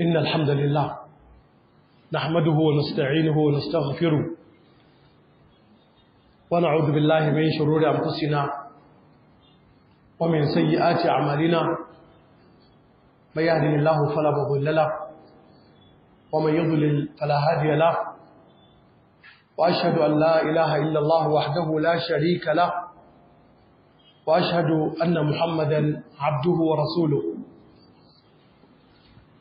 إن الحمد لله نحمده ونستعينه ونستغفره ونعوذ بالله من شرور أنفسنا ومن سيئات أعمالنا من يهد الله فلا مضل له ومن يضلل فلا هادي له وأشهد أن لا إله إلا الله وحده لا شريك له وأشهد أن محمدا عبده ورسوله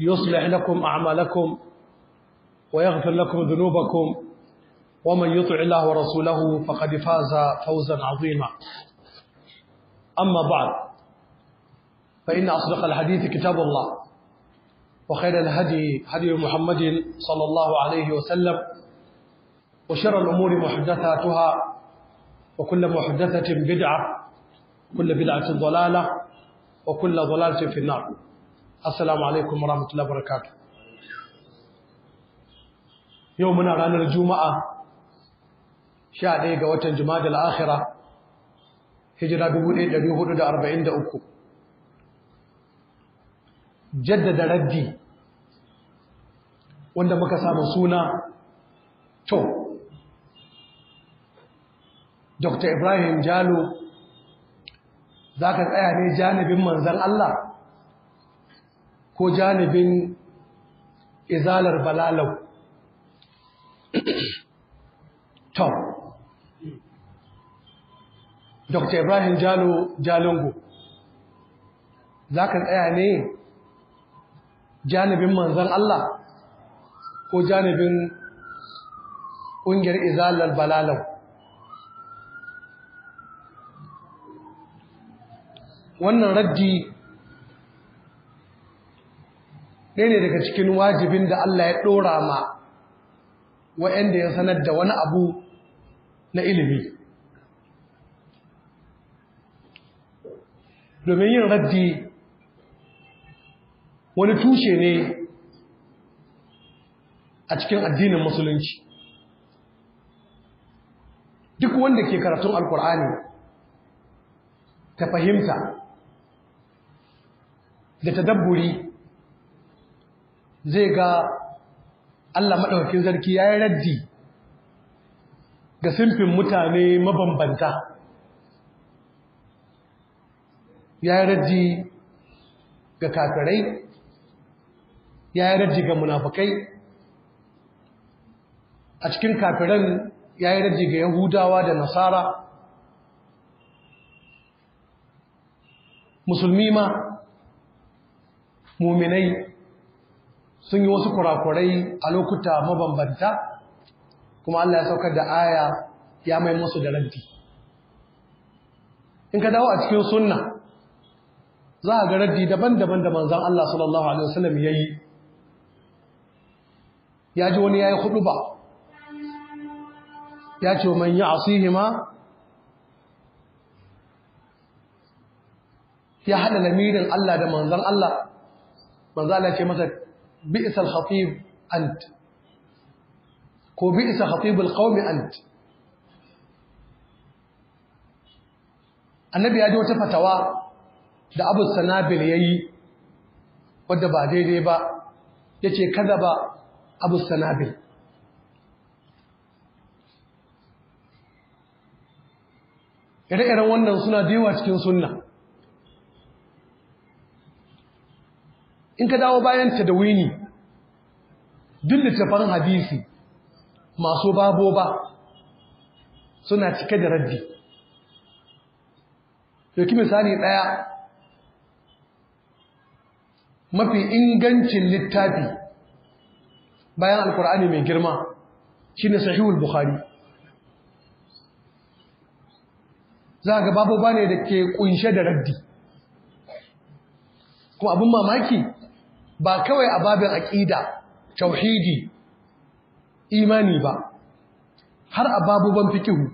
يصلح لكم أعمالكم ويغفر لكم ذنوبكم ومن يطع الله ورسوله فقد فاز فوزا عظيما أما بعد فإن أصدق الحديث كتاب الله وخير الهدي هدي محمد صلى الله عليه وسلم وشر الأمور محدثاتها وكل محدثة بدعة كل بدعة ضلالة وكل ضلالة في النار assalamu alaikum warahmatullahi wabarakatuh yau muna ranar juma'a 11 ga watan jumadal akhira hijira 1443 jaddada raddi wanda muka samu suna to Dr. Ibrahim Jalo za ka tsaya ne janibin manzon Allah ko janibin izalar balalau to dr ibrahim jalo jalungu za ka tsaya ne janibin manzan allah ko janibin ƙungiyar izalar balalau wannan raddi ne ne daga cikin wajibin da Allah ya ɗora ma wa'yanda ya sanar da wani abu na ilimi domin yin raddi wani tushe ne a cikin addinin musulunci duk wanda ke karatun alkur'ani ta fahimta da ta dabburi. zai ga Allah maɗaukin zarki ya yi raddi ga simfin mutane mabambanta ya yi raddi ga kakarai ya yi raddi ga munafakai a cikin kafiran ya yi raddi ga yahudawa da nasara musulmi ma muminai sun yi wasu kurakurai a lokuta mabambanta kuma Allah ya saukar da aya ya mai musu da raddi in ka dawo a cikin sunna za a ga raddi daban-daban da manzan Allah sallallahu alaihi wasallam yi. ya ji wani ya yi hudu ba ya ce man ma ya haɗa lamirin Allah da manzan Allah manzan Allah ce masa بئس الخطيب أنت وبئس خطيب القوم أنت النبي أجو تفتوى دا أبو السنابل يي ودى بعدي ديبا يتي كذب أبو السنابل إذا إرى وانا سنة ديوات كين سنة in ka dawo bayan tadawini duk da tafan hadisi masu babo ba suna cike da raddi dauki misali ɗaya mafi ingancin littafi bayan alkur'ani mai girma shine sahihul bukhari za ga ba ne da ke kunshe da raddi kuma abin mamaki ba kawai a babin aƙida tauhidi imani ba har a babuban fikihu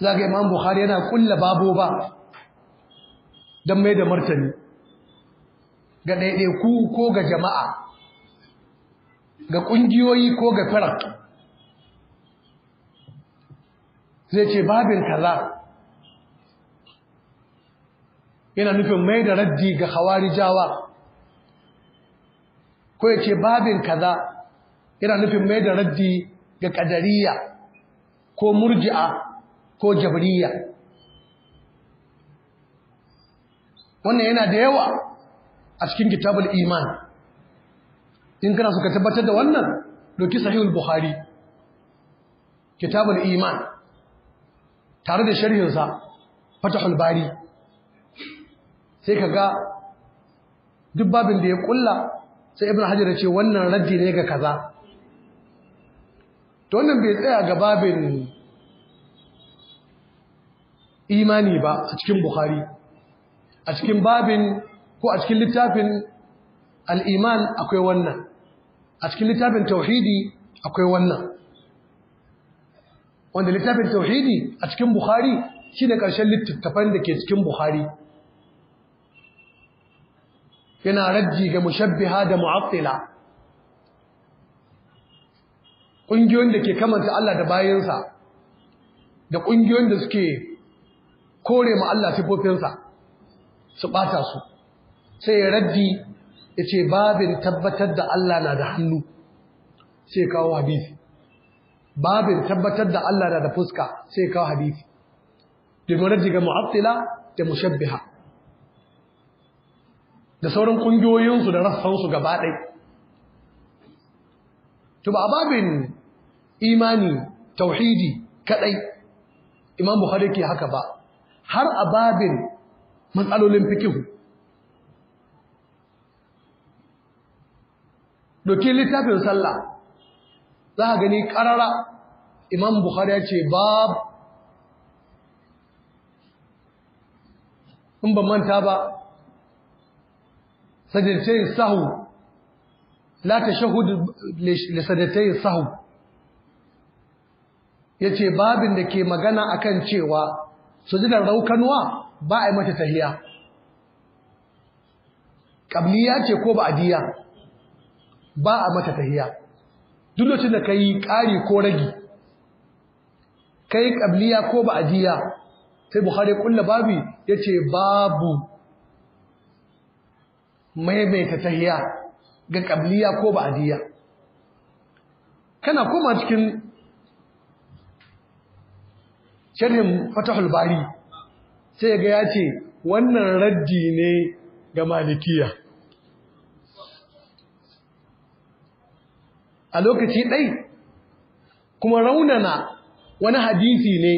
za ga imam bukhari yana kulla babo ba don mai da martani ga ɗaiɗaiku ko ga jama'a ga ƙungiyoyi ko ga farak? zai ce babin kaza yana nufin mai da raddi ga jawa ko yake babin kaza yana nufin mai da raddi ga kadariya ko murji'a ko jabriya wannan yana da yawa a cikin kitabul iman in kana suka tabbatar da wannan doki sahihul bukhari kitabul iman tare da sharhinsa fatahul bari sai ka ga duk babin da ya kulla sai Ibn hajar ce wannan raddi ne ga kaza to wannan bai tsaya ga babin imani ba a cikin bukhari a cikin babin ko a cikin littafin al'iman akwai wannan a cikin littafin tauhidi akwai wannan wanda littafin tauhidi a cikin bukhari da ƙarshen littattafan da ke cikin bukhari yana rajji ga mushabbiha da mu'attila ƙungiyoyin da ke kamanta Allah da bayansa da ƙungiyoyin da suke kore ma Allah sifofinsa su ɓata su sai ya raddi ya ce babin tabbatar da Allah na da hannu sai kawo hadisi babin tabbatar da Allah na da fuska sai kawo hadisi domin raddi ga mu'attila da mushabbiha da sauran ƙungiyoyinsu da rassansu gaba ɗai to ba babin imani tauhidi kaɗai imam buhari ke haka ba har a babin matsalolin fikihu Dokin littafin sallah za a gani ƙarara imam buhari ya ce ba? in ban manta ba سجدتي السهو لا تشهد لسجدتي السهو yace babin da ke magana akan cewa sujudar raukanwa ba a yi mata tahiya qabliya ce ko ba'diya ba a mata tahiya duk lokacin da kai ƙari ko ragi kai qabliya ko ba'diya sai bukhari kulla babi yace babu maimaita tahiya ga ƙabliya ko ba'diya kana koma cikin shirin fatahul bari sai ga ya ce wannan raddi ne ga malikiya a lokaci ɗai kuma raunana wani hadisi ne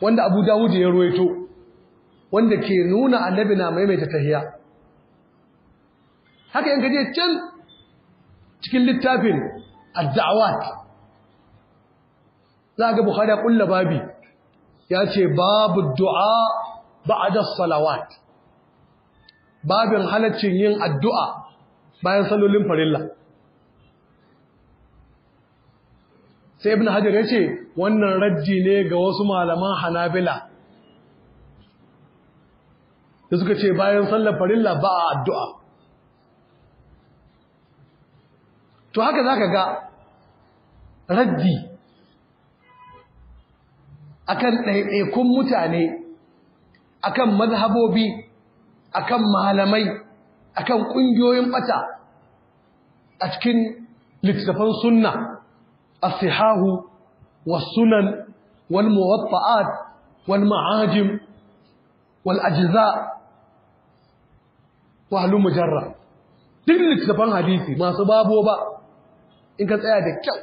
wanda abu dawudu ya ruwaito wanda ke nuna annabi na maimaita tahiya haka yanka je can cikin littafin ad za za ga bukhari a kulla babi ya ce babu du'a ba'da salawat babin halaccin yin addu'a bayan salolin farilla sai ibn hajar ya ce wannan raddi ne ga wasu malaman hanabila da suka ce bayan sallar farilla ba a addu'a to haka za ka ga raddi akan ɗaiɗaikun mutane akan mazhabobi akan malamai akan ƙungiyoyin ɓata a cikin littattafan sunna as-sihahu was-sunan wal-muwatta'at wa duk littattafan hadisi masu babo ba in ka tsaya da kyau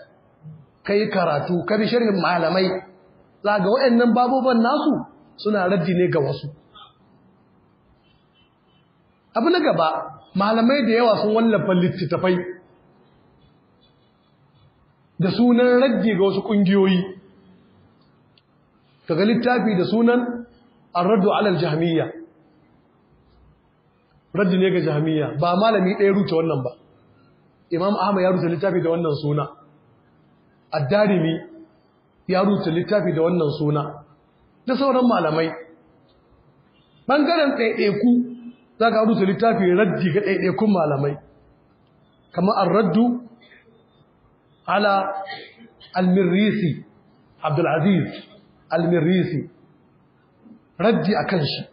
ka yi karatu ka bi shirin malamai za ga waɗannan baboban nasu suna raddi ne ga wasu abu na gaba malamai da yawa sun wallafa littattafai da sunan raddi ga wasu ƙungiyoyi kaga littafi da sunan arraddu alal jahmiya raddi ne ga jahmiya ba malami ɗaya ruce wannan ba imam ahmad ya rusa littafi da wannan suna addarimi ya rubuta littafi da wannan suna da sauran malamai bangaren ɗaiɗaiku za ka rubuta littafi raddi ga ɗaiɗaikun malamai kamar ar-raddu ala Almirisi, abdulaziz Almirisi, raddi a kan shi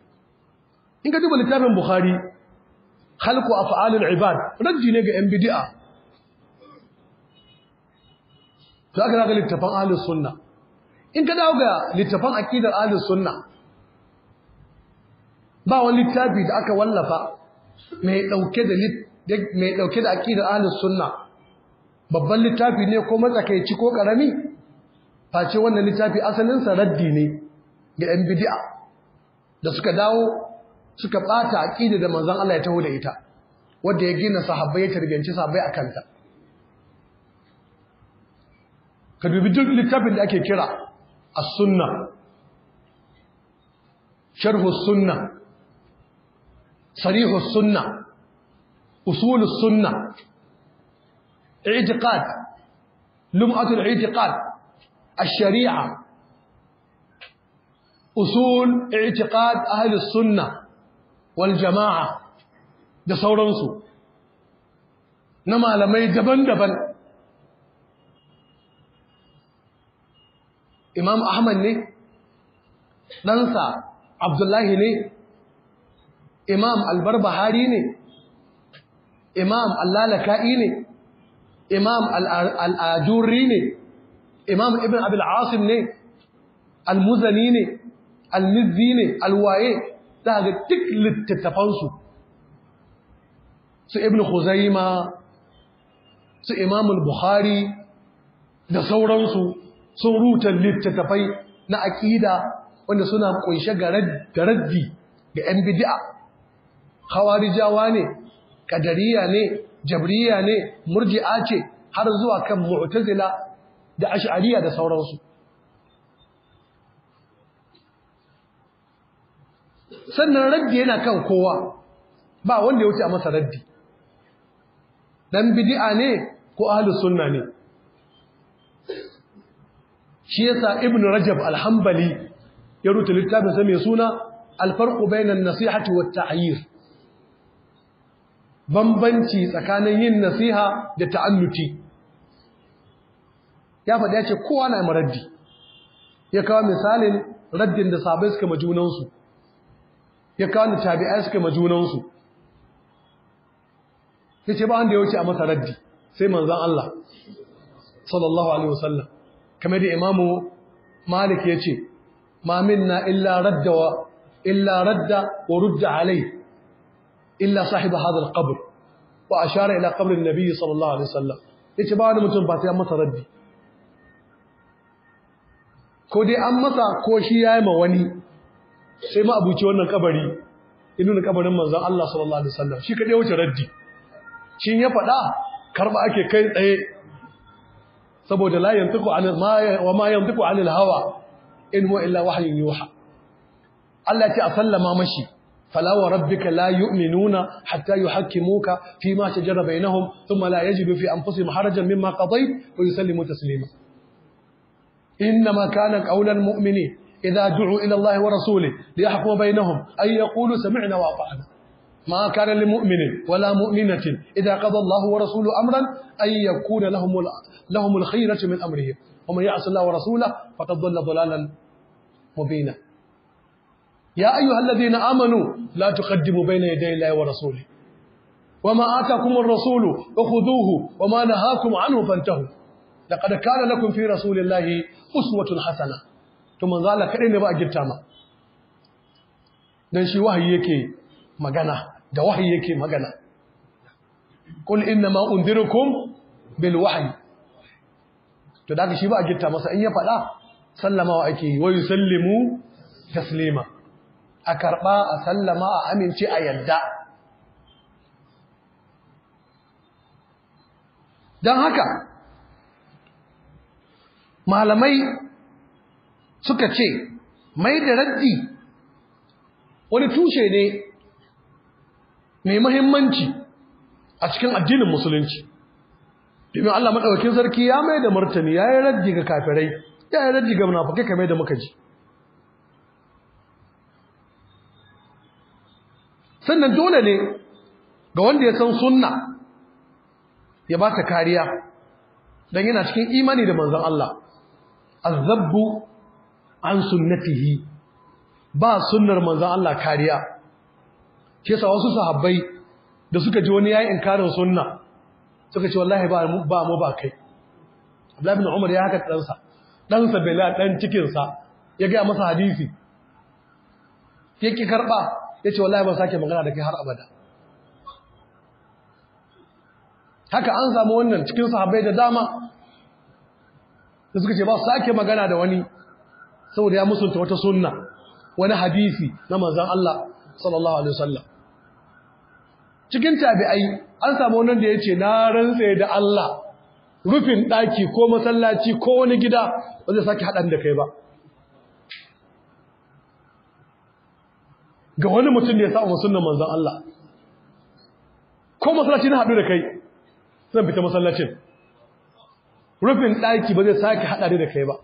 in ka duba littafin buhari halko a fa'alin ibad raddi ne ga ‘yan bidi'a to aka ga littafan ahlus sunna in ka dawo ga littafan aqidar ahlus sunna ba wani littafi da aka wallafa mai dauke da mai dauke da sunna babban littafi ne ko matsakaici ko karami face wannan littafi asalin sa ne ga yan bid'a da suka dawo suka bata aqida da manzon Allah ya taho da ita wanda ya gina sahabbai ya tarbiyanci sahabbai kanta. ka duk littafin da ake kira a sunna sharh sunna sarih sunna usul sunna i'tiqad lum'at itiqad ash-shari'a usul i'tiqad ahli sunna wal jama'a da sauransu na malamai daban-daban imam ahmad ne ɗansa abdullahi ne imam albarbahari ne imam allalaka'i ne imam al'ajurri ne imam ibn abil ne almuzani ne almizzi ne alwaye za ga duk littattafansu su ibn huzaima su imam al-bukhari da sauransu sun ruta littattafai na aƙida wanda suna kunshe da raddi ga 'yan bidi'a hawarijawa ne kadariya ne jabriya ne murji'a ce har zuwa kan mu'tazila da ash'ariya da sauransu sannan raddi yana kan kowa ba wanda ya wuce a masa raddi dan bidi'a ne ko ahlus sunna ne shi yasa ibn rajab alhambali ya rubuta littafin sa mai suna alfarqu bainan nasihati wat ta'yir bambanci tsakanin yin nasiha da ta'annuti ya faɗi yace ce kowa na maraddi ya kawo misalin raddin da sabai suka majunansu ya kawo da tabi'ai suka majunansu ya ce ba wanda ya wuce a masa raddi sai manzan Allah sallallahu alaihi wasallam kamar da imamu malik ya ce mamin na illa radda wa illa radda wa rudda alai illa sahiba hadar al-qabr a share ila qabr an-nabi sallallahu alaihi sallam. Ya ce ba wani mutum ba ta an masa raddi ko dai an masa ko shi ya yi ma wani sai ma abuci wannan kabari ya nuna kabarin manzan Allah sallallahu alaihi sallam shi kaɗai wuce raddi shin ya faɗa karba ake kai tsaye saboda la yantiku an ma wa ma yantiqu anil hawa in huwa illa wahyun yuha Allah ya sallama mashi fala wa rabbika la yu'minuna hatta yuhakkimuka fi ma shajara bainahum thumma la yajidu fi anfusihim harajan mimma qadayt wa yusallimu taslima kana إنما كان قول المؤمنين إذا دعوا إلى الله ورسوله bainahum ay yaqulu sami'na wa ata'na ما كان لمؤمن ولا مؤمنة إذا قضى الله ورسوله أمرا أن يكون لهم لهم الخيرة من أمرهم ومن يعص الله ورسوله فقد ضل ضلالا مبينا يا أيها الذين آمنوا لا تقدموا بين يدي الله ورسوله وما آتاكم الرسول فخذوه وما نهاكم عنه فانتهوا لقد كان لكم في رسول الله أسوة حسنة ثم قال إن بأجل تاما dan وهي wahayi yake magana da wahayi yake magana qul inna ma undirukum bil wahyi to da shi ba a gitta masa in ya faɗa sallamawa ake yi wa yusallimu taslima a karɓa a sallama a amince a yadda don haka malamai suka ce mai da raddi wani tushe ne mai mahimmanci a cikin addinin musulunci domin Allah madaukakin sarki ya mai da martani ya yi raddi ga kafirai ya yi raddi ga ka kamar da muka ji sannan dole ne ga wanda ya san sunna ya ba ta kariya don yana cikin imani da manzon Allah azabbu an sunnatihi ba sunnar manzon Allah kariya Ke sa wasu sahabbai da suka ji wani yayin inkarin sunna suka ce wallahi ba mu ba mu ba kai Abdullahi bin Umar ya haka ɗansa ɗansa Bilal ɗan cikinsa ya gaya masa hadisi ke ki karɓa ya ce wallahi ban sake magana da kai har abada haka an samu wannan cikin sahabbai da dama da suka ce ba su sake magana da wani saboda ya musunta wata sunna wani hadisi na manzon Allah sallallahu alaihi wasallam cikin tabi'ai an samu wannan da yace na rantsa da Allah rufin daki ko masallaci ko wani gida ba zai saki hadan da kai ba ga wani mutum da ya samu sunnan manzon Allah ko masallaci na hadu da kai zan fita masallacin rufin daki ba zai saki hada da kai ba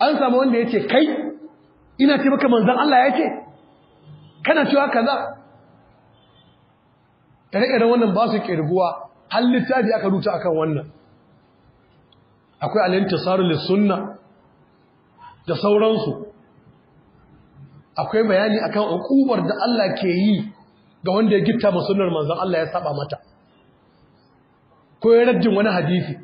an samu wanda yace kai ina ce maka manzan Allah ya ce kana cewa kaza ire-iren wannan ba su kirguwa har littafi aka rubuta akan wannan akwai al-intisaru lis-sunna da sauransu akwai bayani akan hukumar da Allah ke yi ga wanda ya gitta masunnar manzan manzon Allah ya saba mata ko ya raddin wani hadisi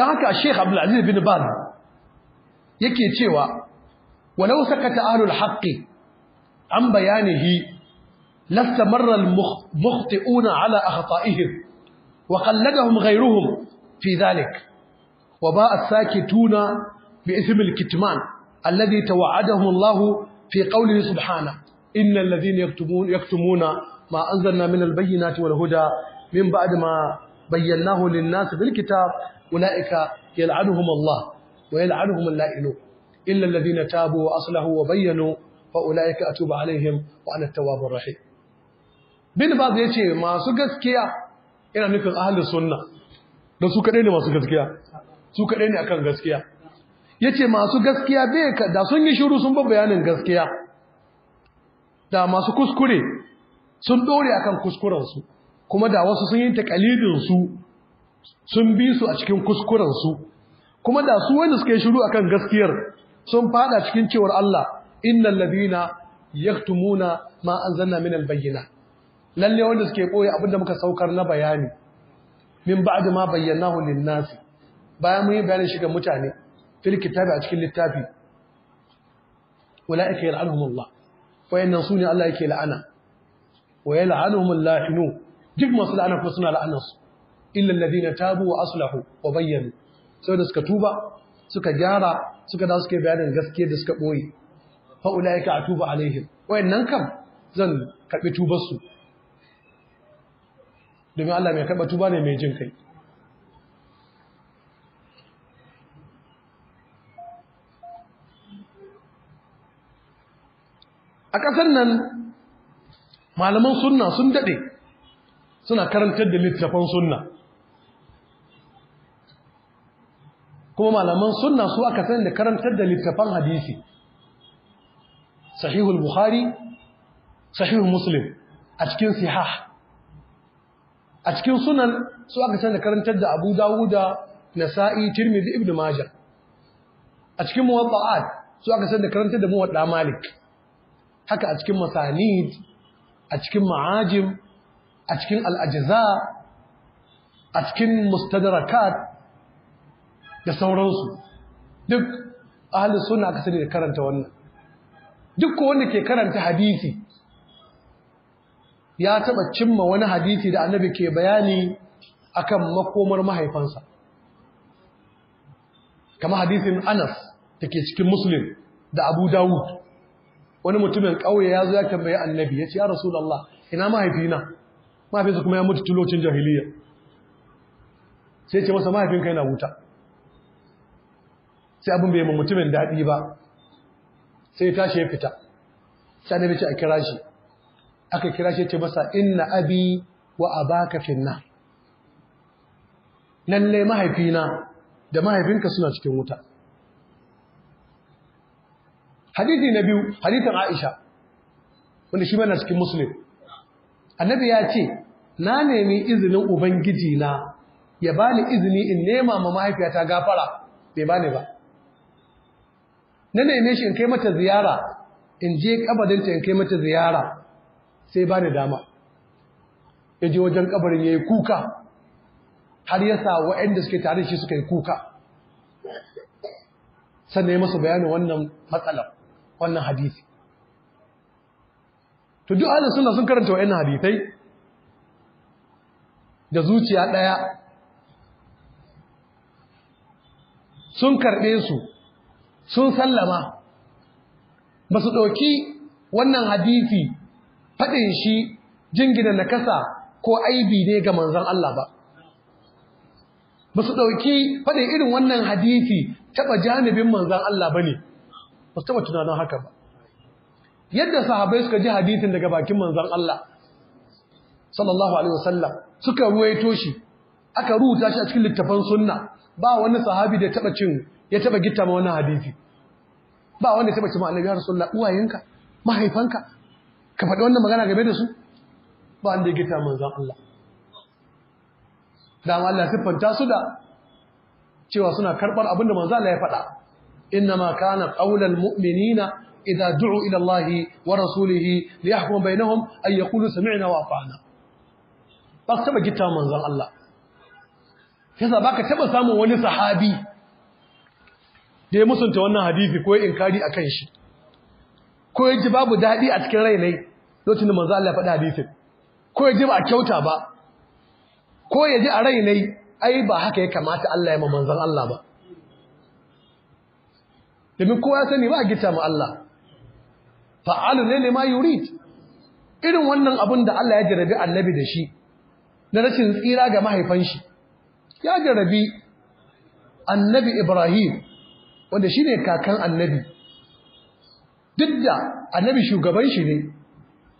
da haka Sheikh abdul aziz bin Baz yake cewa walau sakata ahlul haqqi an bayanihi lastamarra al-mukhti'una ala akhta'ihim wa qalladahum ghayruhum fi dhalik wa ba'a sakituna bi ism al-kitman alladhi tawa'adahum Allah fi qawlihi subhana innal ladhina yaktumun yaktumuna ma anzalna min al-bayyinati wal huda min ba'd ma bayyanahu lin-nas bil kitab ulaika yal'anuhum Allah wa yal'anuhum al-la'inu illa alladhina tabu wa aslahu wa bayyanu fa ulaika atubu alaihim wa ana at-tawwabur rahim bin baz yace masu gaskiya ina nufin ahlus sunna da su kadai ne masu gaskiya su kadai ne akan gaskiya yace masu gaskiya bai da sun yi shiru sun ba bayanin gaskiya da masu kuskure sun dore akan kuskurensu kuma da wasu sun yi takalidin su sun bi su a cikin kuskurensu kuma da su wanda suka yi shiru akan gaskiyar sun fada cikin cewar Allah innal ladina yaktumuna ma anzalna min albayyina lalle wanda suke boye abinda muka saukar na bayani min ba'd ma bayyanahu lin-nasi bayan mun yi bayanin shi ga mutane fil kitabi a cikin littafi ulaika yal'anuhumullah wayannan sune Allah yake la'ana wa yal'anuhumul la'inu duk masu la'ana ko suna la'anarsu illa alladhina tabu wa aslahu wa bayyanu saboda suka tuba suka gyara suka da suke bayanin gaskiya da suka boye fa ulaika atubu alaihim wayannan kam zan karbi tubar su domin Allah mai karba tuba ne mai jin kai a ƙasar nan malaman sunna sun daɗe suna karantar da littafan sunna kuma malaman sunna su aka sani da karantar da littafan hadisi sahihul bukhari sahihul muslim a cikin sihah a cikin sunan su aka sani da karantar da abu dawuda nasa'i tirmidhi ibnu majah a cikin muwadda'at su aka sani da karantar da muwadda malik haka a cikin masanid a cikin ma'ajim a cikin ajza a cikin mustadrakat da sauransu duk ahal suna aka sani da karanta wannan duk ko wanda ke karanta hadisi ya taba cimma wani hadisi da annabi ke bayani akan makomar mahaifansa kama hadisin Anas da ke cikin Muslim da Abu Dawud wani mutumin ƙauye ya zo ya tambayi annabi ya ce ya rasu Allah, ina mahaifina mahaifinsa kuma ya mutu tulocin jahiliya sai ce masa mahaifinka yana wuta sai abin bai ma mutumin daɗi ba sai ta tashi ya fita sai annabi ce a kira shi aka kira shi ce masa inna abi wa abaka finna lalle mahaifina da mahaifinka suna cikin wuta hadithi na biyu hadisin Aisha wanda shi mana cikin musulun, annabi ya ce na nemi izinin ubangiji na ya bani izini in nema ma mahaifiyata gafara bai bani ba na neme shi in kai mata ziyara in je kabarinta in kai mata ziyara sai ba ni dama ya je wajen kabarin ya yi kuka har ya sa waɗanda suke tare shi suka yi kuka sannan ya masu bayanin wannan matsalar wannan hadisi to duk ala suna sun karanta wayannan hadisai da zuciya ɗaya, sun karɓe su sun sallama ba su ɗauki wannan hadisi faɗin shi jingina na kasa ko aibi ne ga manzan Allah ba ba su ɗauki faɗin irin wannan hadisi taɓa janibin manzan Allah ba ne ba su taɓa tunanin haka ba yadda sahabai suka ji hadisin daga bakin manzan Allah sallallahu alaihi wasallam suka ruwaito shi aka rubuta shi a cikin littafan sunna ba wani sahabi da taɓa cin ya taba gitta ma wannan hadisi ba wanda ya taba cewa annabi ya uwayenka mahaifanka ka faɗi wannan magana game da su ba wanda ya gitta manzon Allah dama Allah siffanta su da cewa suna karɓar abin da manzo Allah ya faɗa innama kana qaulal mu'minina idza du'u ila Allah wa rasulih li yahkum bainahum ay yaqulu sami'na wa ata'na ba su taba gitta manzon Allah yasa baka taba samun wani sahabi da ya musunta wannan hadisi ko ya a kan shi ko ya ji babu daɗi a cikin rai ne lokacin da manzo Allah ya faɗa hadithin ko ya ji ba a kyauta ba ko ya ji a rai ne ai ba haka ya kamata Allah ya ma manzon Allah ba domin ya sani ba a gita ma Allah fa'alu ne ne ma yurid irin wannan abun da Allah ya jarabi annabi da shi na rashin tsira ga mahaifan shi ya jarabi annabi Ibrahim wanda shine kakan annabi duk da annabi shugaban shi ne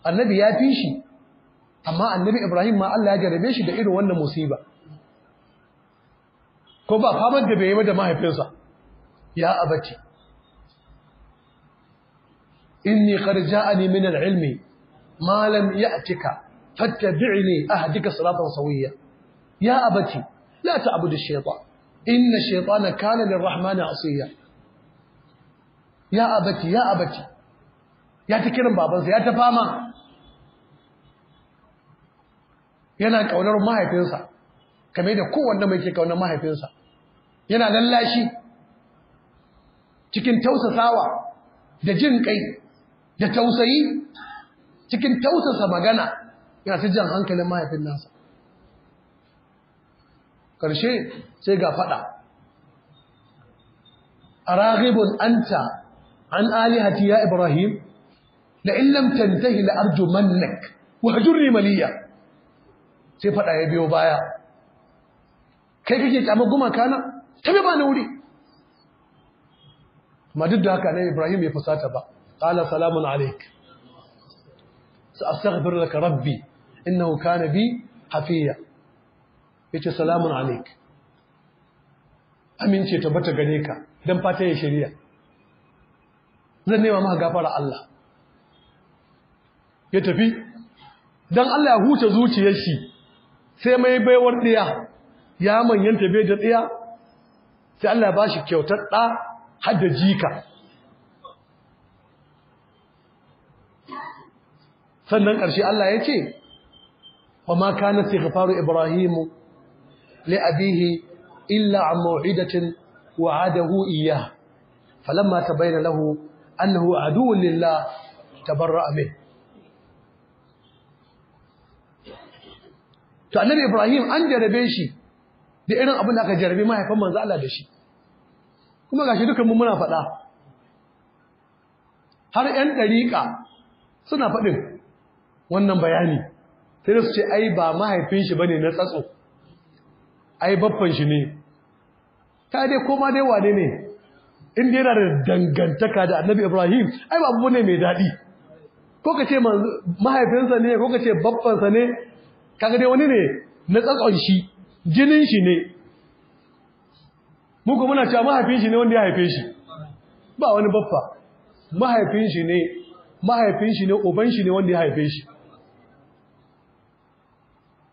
annabi ya fi shi amma annabi ibrahim ma Allah ya jarabe shi da irin wannan musiba ko ba famar da bai yi da mahaifinsa ya abati inni qad min al-ilmi ma lam ya'tika fattabi'ni ahdika siratan sawiyya ya abati la ta'budu ash-shaytan inna ash-shaytana kana lir-rahmani 'asiya ya abaci ya abaci ya ta kiran babansa ya ta fama yana kaunar mahaifinsa kame da kowanne mai ke kaunar mahaifinsa yana lallashi cikin tausasawa da jin kai da tausayi cikin tausasa magana yana ta jan hankalin mahaifin nasa ƙarshe sai ga faɗa a ragibin anta عن آلهتي يا إبراهيم لئن لم تنتهي لأرجو منك وهجرني مليا سيفا يبيو بايا كيف جيت أما قوما كان تبيبا نوري ما جدها كان إبراهيم يفساتها با قال سلام عليك سأستغفر لك ربي إنه كان بي حفيا يقول سلام عليك أمين شيء تبتغنيك دم فاتي شريك zan nema maka gafara Allah ya tafi dan Allah ya huce zuciyar shi sai mai baiwar ɗiya ya manyanta bai da ɗiya sai Allah ya bashi kyautar ɗa har da jika sannan ƙarshe Allah ya ce wa ma kana istighfaru ibrahimu li abihi illa an maw'idatin wa'adahu iyyah falamma tabayyana lahu annahu aduwwun lillah tabarra'a to annabi Ibrahim an jarabe shi da irin abin da aka jarabe mahaifan manzo Allah da shi kuma gashi dukan mu muna faɗa har 'yan dariƙa suna faɗin wannan bayani sai da su ce ai ba mahaifin shi bane na tsatso ai baffan shi ne ta dai koma dai wane ne inda yana da dangantaka da annabi Ibrahim ai ba abu ne mai daɗi ko ka ce mahaifinsa ne ko ka ce babbansa ne kaga dai wani ne na tsatson shi jinin shi ne muku muna cewa mahaifin shi ne wanda ya haife shi ba wani babba mahaifin shi ne mahaifin shi ne uban shi ne wanda ya haife shi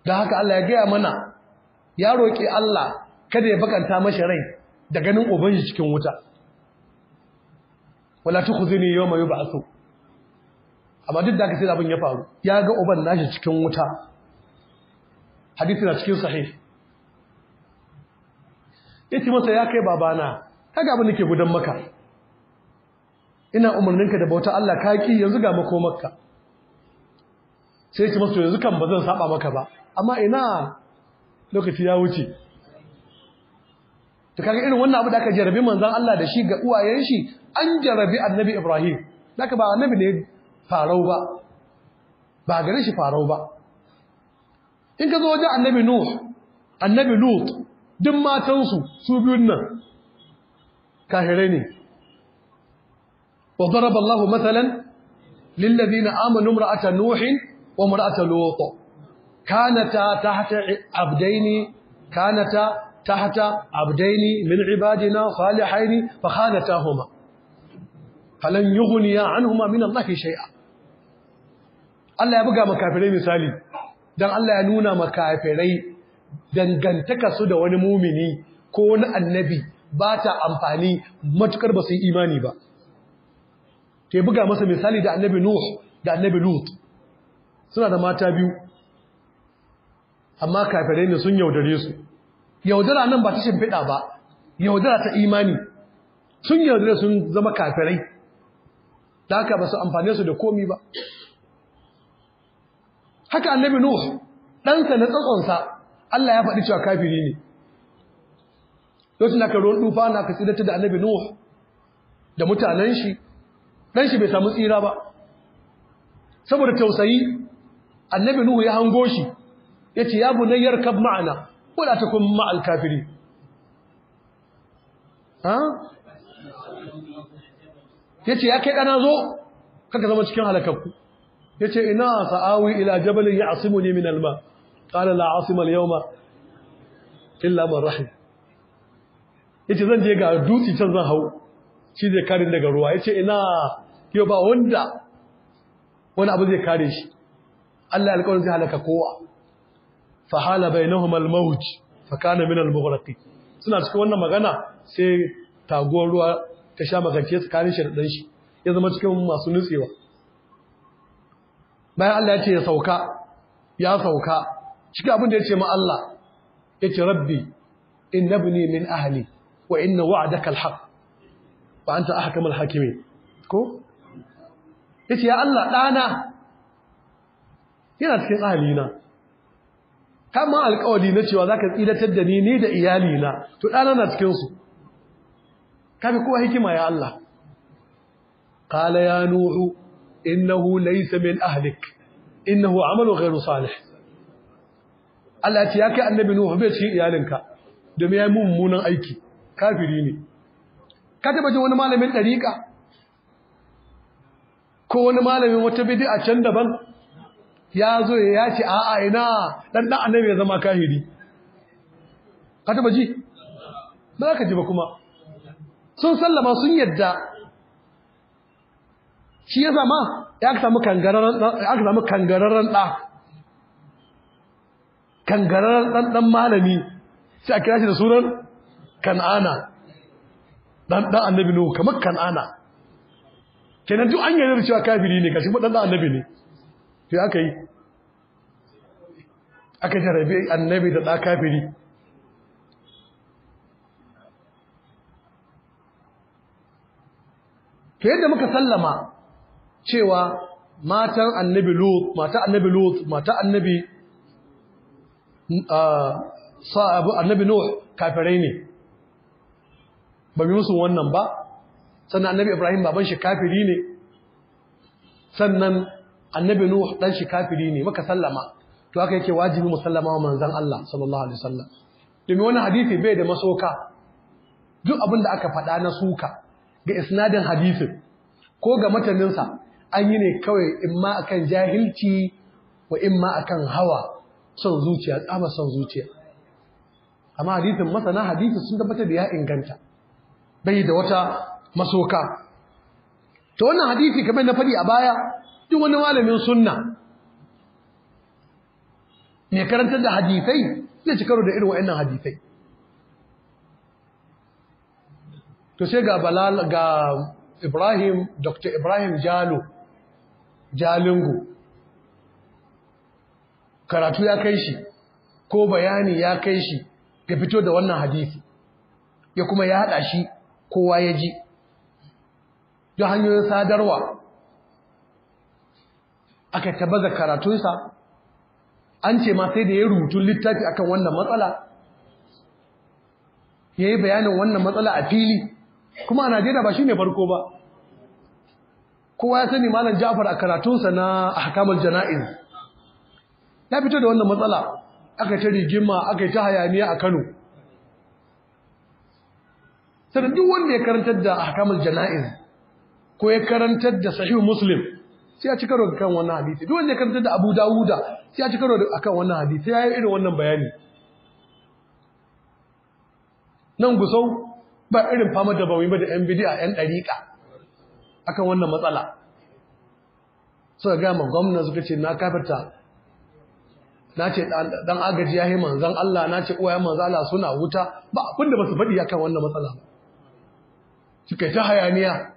da haka Allah ya gaya mana ya roƙi Allah kada ya bakanta mashi rai da ganin uban shi cikin wuta wala ba a so amma duk da ka sai abin ya faru ya ga uban nashi cikin wuta hadisi na cikin sahih yace masa ya kai babana kaga abin da ke gudan maka ina umarninka da bauta Allah ka ki yanzu ga makomarka sai yace masa yanzu kan ba zan saba maka ba amma ina lokaci ya wuce to kaga irin wannan abu da aka jarabi manzon Allah da shi ga uwayen shi an jarabi annabi Ibrahim daga ba annabi ne farau ba ba gare shi farau ba in ka zo wajen annabi Nuh annabi Lut duk matansu su biyun nan kahirai ne wa daraba Allahu mathalan للذين آمنوا امرأة نوح وامرأة لوط كانتا تحت عبدين كانتا tahta abdaini min ibadina salihaini fa khanatahuma falan yughniya anhuma min Allah shay'a Allah ya buga makafirai misali dan Allah ya nuna makafirai dangantaka su da wani mumini ko wani annabi ba ta amfani matukar ba su yi imani ba ta buga masa misali da annabi nuh da annabi lut suna da mata biyu amma kafirai ne sun yaudare su yaudara nan ba ta shimfiɗa ba yaudara ta imani sun yaudara sun zama kafirai da haka ba su amfane su da komi ba haka annabi Nuhu, ɗansa na tsatsonsa Allah ya faɗi cewa kafiri ne lokacin aka ruwan dufa na ka tsidata da annabi nuh da mutanen shi ɗan shi bai samu tsira ba saboda tausayi annabi nuhu ya hango shi ya ce ya bunayyar kab ma'ana wala kun ma kafiri ha yace ya kai dana zo kaka zama cikin halakakku yace ina sa'awi ila jabalin ya'simuni min alma qala la asima alyawma illa man rahim yace zan je ga dutsi can zan hau shi zai kare daga ruwa yace ina yau ba wanda wani abu zai kare shi Allah alƙawarin zai halaka kowa fa hala bainahum al-mawj min al suna cikin wannan magana sai taguwar ruwa ta sha makance tsakanin shi da dan shi ya zama cikin masu nutsewa bayan Allah ya ce ya sauka ya sauka cikin abin da ya ce ma Allah ya ce rabbi inna ibni min ahli wa inna wa'daka al-haq wa anta ahkamul hakimin ko yace ya Allah dana yana cikin na. kama alkawari na cewa za ka tsidatar da ni ni da iyalina, to dana na cikin su kafi kowa hikima ya Allah qala ya nuhu innahu laysa min ahlik innahu amalu ghayru salih Allah ya kai annabi nuhu bai cikin iyalinka domin ya yi mummunan aiki kafiri ne ka taba ji wani malamin ɗariƙa, ko wani malamin wata a can daban ya zo ya ce a'a ina dan dan annabi ya zama kahiri ka taba ji ba ka ji ba kuma sun sallama sun yadda shi ya zama ya samu ya samu kangararren da kangararren dan dan malami sai a kira shi da sunan kan'ana dan dan annabi nuhu kamar kan'ana kenan duk an yarda cewa kafiri ne kashi kuma dan dan annabi ne sai aka yi aka jarabe annabi da ɗa kafiri to yadda muka sallama cewa matan annabi lut mata annabi lut mata annabi ah, sa'abu annabi nuh kafirai ne ba mu musu wannan ba sannan annabi ibrahim baban shi kafiri ne sannan annabi nuh dan shi kafiri ne muka sallama to aka yake wajibi musallama wa manzon Allah sallallahu alaihi wasallam domin wani hadisi bai da masoka duk abin da aka faɗa na suka ga isnadin hadisin ko ga mataninsa an yi ne kawai imma akan jahilci wa imma akan hawa son zuciya tsama son zuciya amma hadisin masana hadisi sun tabbatar da ya inganta bai da wata masoka to wannan hadisi kamar na faɗi a baya duk wani malamin sunna mai karantar da hadisai zai ci karo da irin wa'annan hadisai to sai ga balal ga Ibrahim Dr Ibrahim Jalo Jalingo karatu ya kai shi ko bayani ya kai shi ya fito da wannan hadisi ya kuma ya haɗa shi kowa ya ji da hanyoyin sadarwa aka da karatunsa an ce ma sai da ya rubutu littafi akan wannan matsala ya yi bayanin wannan matsala a fili kuma a najeriya ba shi ne farko ba kowa ya sani malam jafar a karatunsa na hakamar jana'iz ya fito da wannan matsala aka ta rigima aka ta hayaniya a kano Sanadin duk wanda ya karantar da hakamar jana'iz ko ya karantar da sahihu muslim sai ya ci karo kan wannan hadisi duk wanda ya karanta da Abu Dawuda sai ya ci karo akan wannan hadisi ya yi irin wannan bayani nan gusau ba irin fama da bawai ba da yan bidi'a yan dariqa akan wannan matsala suka ga ma gwamna suka ce na kafirta na ce dan agaji ya yi manzan Allah na ce ya manzan Allah suna wuta ba abinda ba su faɗi akan wannan matsala suka ta hayaniya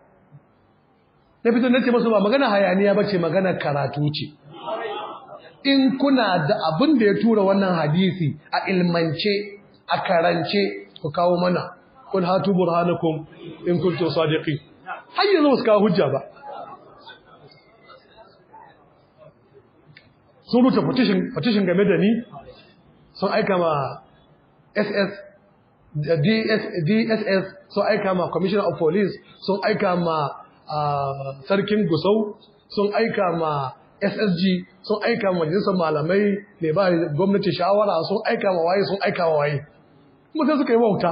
na fito nace masu ba magana hayaniya bace magana karatu ce in kuna da abin da ya tura wannan hadisi a ilmance a karance ku kawo mana kun hatu burhanakum in kuntum sadiqin har yanzu su kawo hujja ba sun rubuta petition game da ni sun aika ma ss dss sun aika ma commissioner of police sun aika ma sarkin gusau sun aika ma ssg sun aika ma majalisar malamai ne ba gwamnati shawara sun aika ma waye sun aika ma waye kuma sai suka yi wauta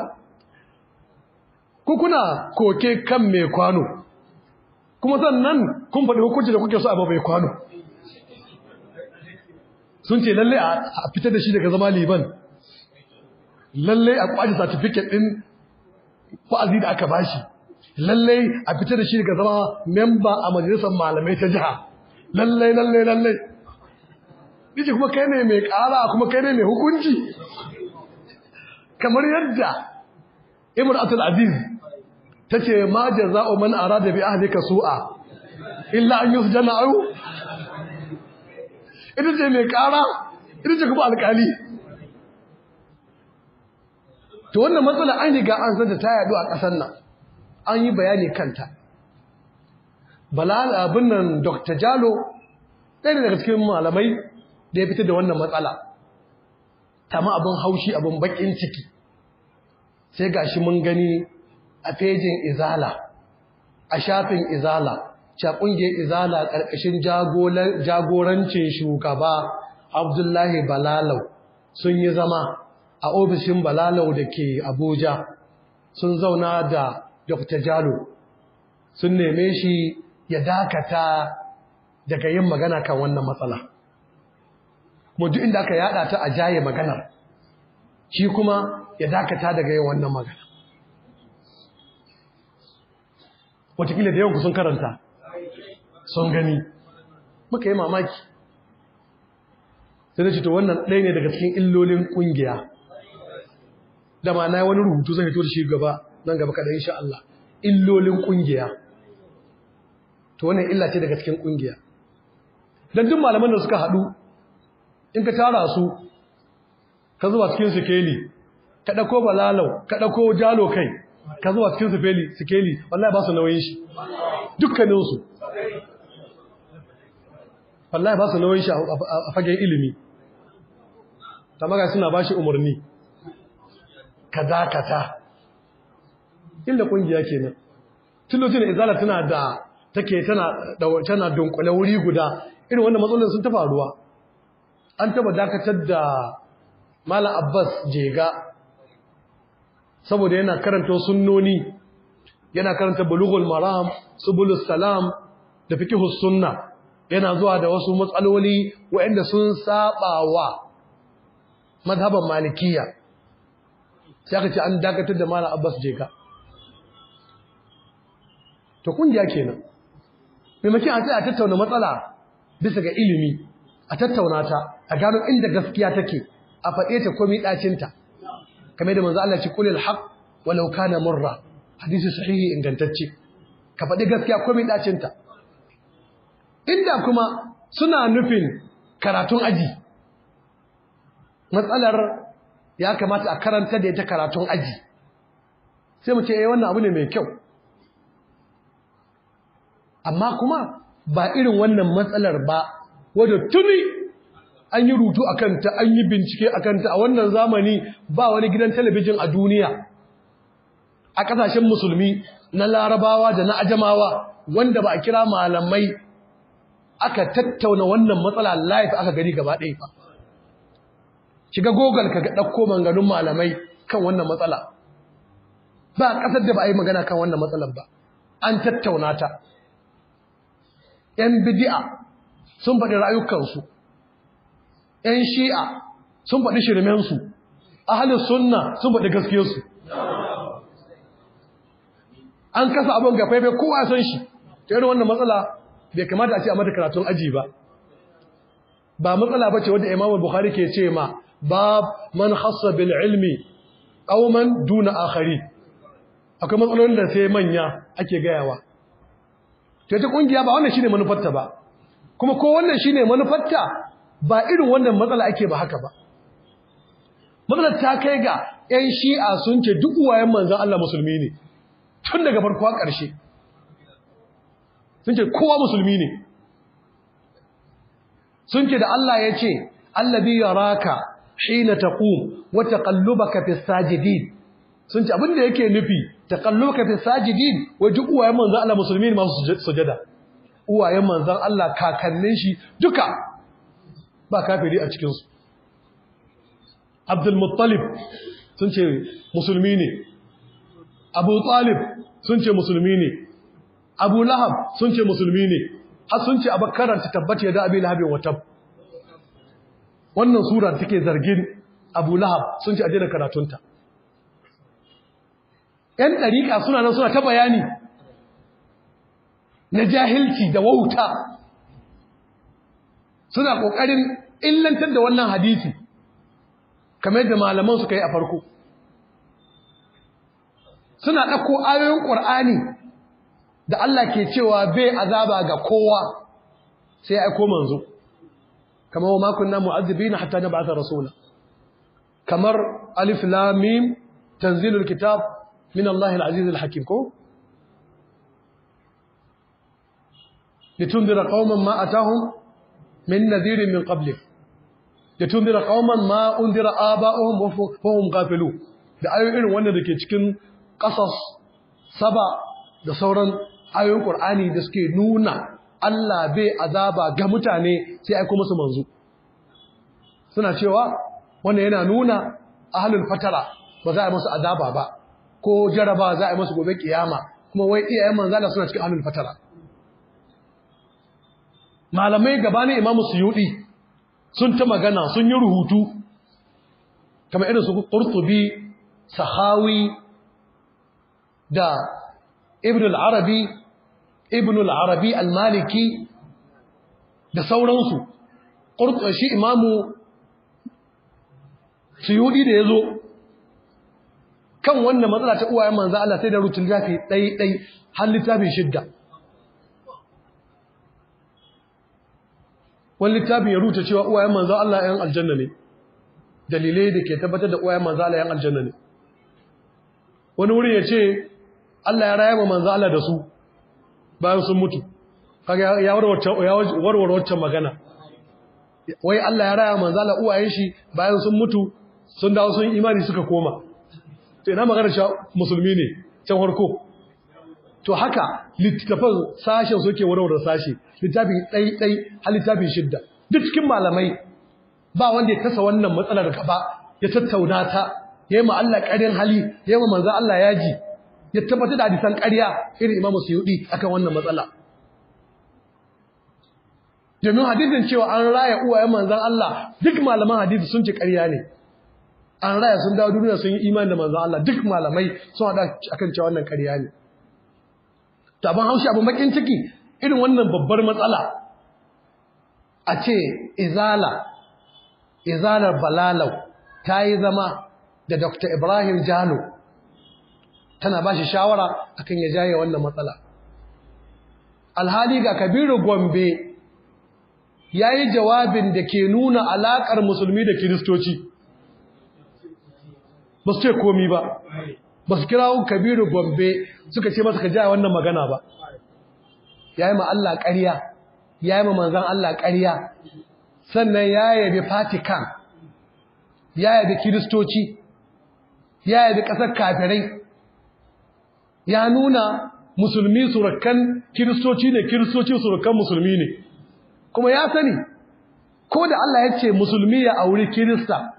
Kukuna koke kan mai kwano kuma sannan kun faɗi hukunci da kuke so a ba mai kwano sun ce lalle a fitar da shi daga zama liban lalle a kwace satifiket ɗin fa'azi da aka bashi lallai a fita da shi daga zama memba a majalisar malamai ta jiha lallai lallai lallai Nishi kuma kai ne mai ƙara kuma kai ne mai hukunci kamar yadda imar Atul Aziz ta ce ma jaza'u man arada bi ahlika su'a illa an yusjana au ita ce mai ƙara ita ce kuma alƙali to wannan matsala an riga an san ta yadu a ƙasar nan an yi bayani kanta balal abin nan dr jalo ɗaya daga cikin malamai da ya fitar da wannan matsala tama abin haushi abin bakin ciki sai gashi mun gani a fejin izala a shafin izala ca ƙungiyar izala ƙarƙashin jagorancin shugaba abdullahi balalau sun yi zama a ofishin balalau da ke abuja sun zauna da Dr. Jalo sun neme shi ya dakata daga yin magana kan wannan matsala. Mutu inda aka yada ta a jaye maganar, shi kuma ya dakata daga yin wannan magana. Wataƙila da yawanku sun karanta, sun gani, muka yi mamaki. Sai da ce wannan ɗaya ne daga cikin illolin ƙungiya. Da ma na yi wani rubutu zai fito da shi gaba, nan gaba kada insha Allah. illolin kungiya to wannan illa ce daga cikin kungiya dan duk malaman da suka hadu in ka tara su ka zuwa cikin sikeli ka dako balalau ka dako jalo kai ka zuwa cikin sikeli keli wallahi ba su nauyin shi dukkanin su wallahi ba su nauyin shi a fagen ilimi tamara suna ba shi umarni kaza kaza inda kungiya kenan tun lokacin izala tana da take tana tana dunkule wuri guda irin wanda matsalolin sun ta faruwa an taba dakatar da Malam Abbas Jega saboda yana karanta sunnoni yana karanta bulughul maram subulus salam da fikihu sunna yana zuwa da wasu matsaloli waɗanda sun sabawa madhaban malikiya sai ka ce an dakatar da Malam Abbas Jega to kungiya kenan maimakon a sai a tattauna matsala bisa ga ilimi a tattauna ta a gano inda gaskiya take a faɗe ta komai ɗacinta kamar da manzo Allah ce kulil wa walau kana murra hadisi sahihi ingantacce ka faɗi gaskiya komai ɗacinta inda kuma suna nufin karatun aji matsalar ya kamata a karanta da ita karatun aji sai mu ce eh wannan abu ne mai kyau amma kuma ba irin wannan matsalar ba wadda tuni an yi rutu a kanta an yi bincike a kanta a wannan zamani ba wani gidan talabijin a duniya a ƙasashen musulmi na larabawa da na ajamawa wanda ba a kira malamai aka tattauna wannan matsala live aka gani gaba ɗaya ba shiga gogal ka ga ɗauko manganun malamai kan wannan matsala ba ƙasar da ba a yi magana kan wannan matsalar ba an tattauna ta ‘yan bidi'a sun faɗi rayukansu ‘yan shi'a sun faɗi shirmensu, halin sunna sun faɗi gaskiyarsu. An kasa abin ga faifai kowa san shi, ta irin wannan matsala bai kamata a ce a mata karatun aji ba. Ba matsala ba ce wadda Imam Bukhari ke ce ma, bab man hasa bil ilmi, ƙauman duna akhari. Akwai matsalolin da sai manya ake gayawa. to ita kungiya ba wannan shine manufarta ba kuma ko wannan shine manufarta ba irin wannan matsala ake ba haka ba matsalar ta kai ga ƴan shi'a sun ce duk wayan manzon Allah musulmi ne tun daga farko har ƙarshe sun ce kowa musulmi ne sun ce da Allah ya ce allabi yaraka hina taqum wa taqallubaka fis sajidin sun ce abin da yake nufi taqalluka fi sajidin wai duk uwayen manzon Allah musulmi ne masu sujada uwayen manzon Allah kakannin shi duka ba kafiri a cikin su Abdul Muttalib sun ce musulmi ne Abu Talib sun ce musulmi ne Abu Lahab sun ce musulmi ne har sun ce abakaran ta tabbata ya da abin lahabin wata wannan sura take zargin Abu Lahab sun ce a daina karatunta ‘yan ɗariƙa suna nan suna ta bayani na jahilci da wauta suna ƙoƙarin illantar da wannan hadisi kamar da malaman suka yi a farko suna ɗauko ayoyin ƙur'ani da Allah ke cewa bai azaba ga kowa sai ya aiko manzo kamar wa makunna mu'azzibina hatta ta rasula kamar alif lam tanzilul kitab min Allah al-aziz al-hakim ko litundira qauman ma atahum min nadhirin min qablik litundira qauman ma undira aba'uhum da ayoyin irin da ke cikin ƙasas, saba da sauran ayoyin Qur'ani da suke nuna Allah bai azaba ga mutane sai aiko musu manzo suna cewa wannan yana nuna ahlul fatara ba za a musu azaba ba ko jaraba za a yi masu gobe kiyama kuma wai iyayen manzala suna cikin ahlul fatara malamai gabanin imamu suyudi sun ta magana sun yi rubutu kamar irin su qurtubi sahawi da ibn al-arabi ibn al-arabi al-maliki da sauransu shi imamu suyudi da ya zo kan wannan matsala ta uwayen manzo Allah sai da rutun zakai dai dai har littafin shidda wani littafin ya ruta cewa uwayen manzo Allah yan aljanna ne dalilai da ke tabbatar da uwayen manzo Allah yan aljanna ne wani wuri ya ce Allah ya raya manzo Allah da su bayan sun mutu kaga ya warware wannan magana wai Allah ya raya manzo Allah uwayen shi bayan sun mutu sun dawo sun imani suka koma to ina magana cewa musulmi ne can harko to haka littafin sashen suke warware sashe littafin ɗai-ɗai har littafin shidda duk cikin malamai ba wanda ya tasa wannan matsalar gaba ya tattauna ta ya yi ma Allah ƙarin hali ya yi ma manzan Allah yaji ya tabbatar da hadisan ƙarya irin Imam Suyuti akan wannan matsala domin hadisin cewa an raya uwayen manzan Allah duk malaman hadisi sun ce ƙarya ne an raya sun dawo duniya sun yi imani da manzon Allah duk malamai sun hada akan cewa wannan ƙarya ne to abin haushi abin bakin ciki irin wannan babbar matsala a ce izala izalar balalau ta yi zama da Dr. Ibrahim Jalo tana ba shi shawara akan ya jaye wannan matsala alhali ga Kabiru Gombe ya yi jawabin da ke nuna alaƙar musulmi da kiristoci ba su ce komi ba ba su kirawo kabiru gombe suka ce masa ka ji wannan magana ba ya yi ma Allah karya, ya yi ma Allah ƙarya sannan ya yabi Fatikan, ya yabi kiristoci ya yabi ƙasar kafirai ya nuna musulmi surakan kiristoci ne kiristoci surukan musulmi ne kuma ya sani ko da Allah ya ce musulmi ya auri kirista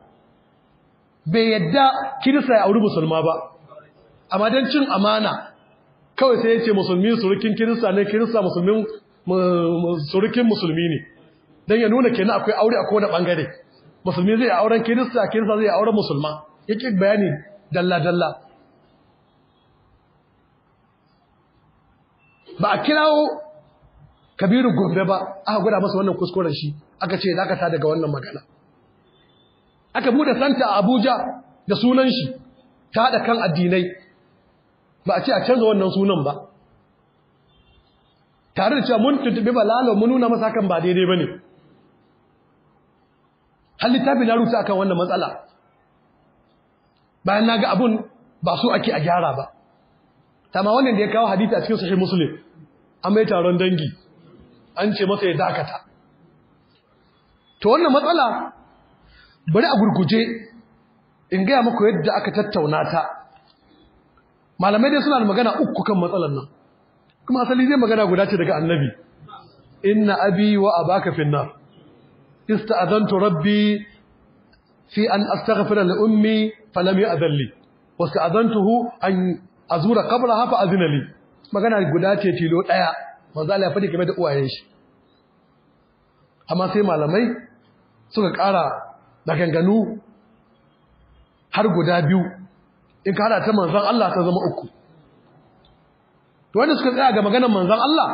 bai yadda kirista ya auri musulma ba amma don cin amana kawai sai ya ce musulmi surukin kirista ne kirista musulmin surukin musulmi ne don ya nuna kenan akwai aure a kowane bangare musulmi zai auren kirista kirista zai auren musulma ya ƙi bayani dalla-dalla ba a kirawo kabiru gombe ba aka gwada masa wannan kuskuren shi aka ce za ka ta daga wannan magana aka buɗe santa a Abuja da sunan shi ta haɗa kan addinai ba a ce a canza wannan sunan ba tare da cewa mun tuntuɓi balalo mun nuna masa kan ba daidai ba ne har na rusa akan wannan matsala bayan na ga abun ba so ake a gyara ba tama wannan da ya kawo hadita a cikin sahih muslim an mai taron dangi an ce masa ya dakata to wannan matsala bari a gurguje in gaya muku yadda aka tattauna ta malamai dai suna da magana uku kan matsalar nan kuma asali zai magana guda ce daga annabi inna abi wa abaka finnar ista'adantu rabbi fi an astaghfira li ummi falam ya'dhan wa wasta'adantuhu an azura qabraha fa azina li magana guda ce tilo daya manzo Allah ya fadi game da uwayen shi amma sai malamai suka ƙara maganganu har guda biyu in ka hada ta manzon Allah ta zama uku to wanda suka tsaya ga maganar manzon Allah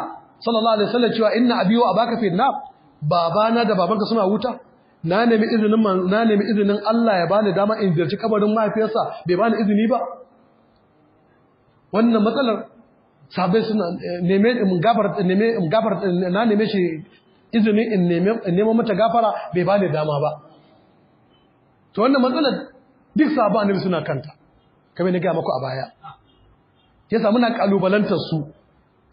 sallallahu alaihi wasallam cewa inna abi wa abaka fi nar babana da babanka suna wuta na nemi izinin na nemi izinin Allah ya bani dama in jirci kabarin mahaifiyarsa bai bani izini ba wannan matsalar sabai suna eh, neme in gafar neme in gafar na neme shi izini in neme in mata gafara bai bani dama ba to wannan matsalar duk sabon annabi suna kanta kamar na gaya maku a baya ya samu na kalubalantar su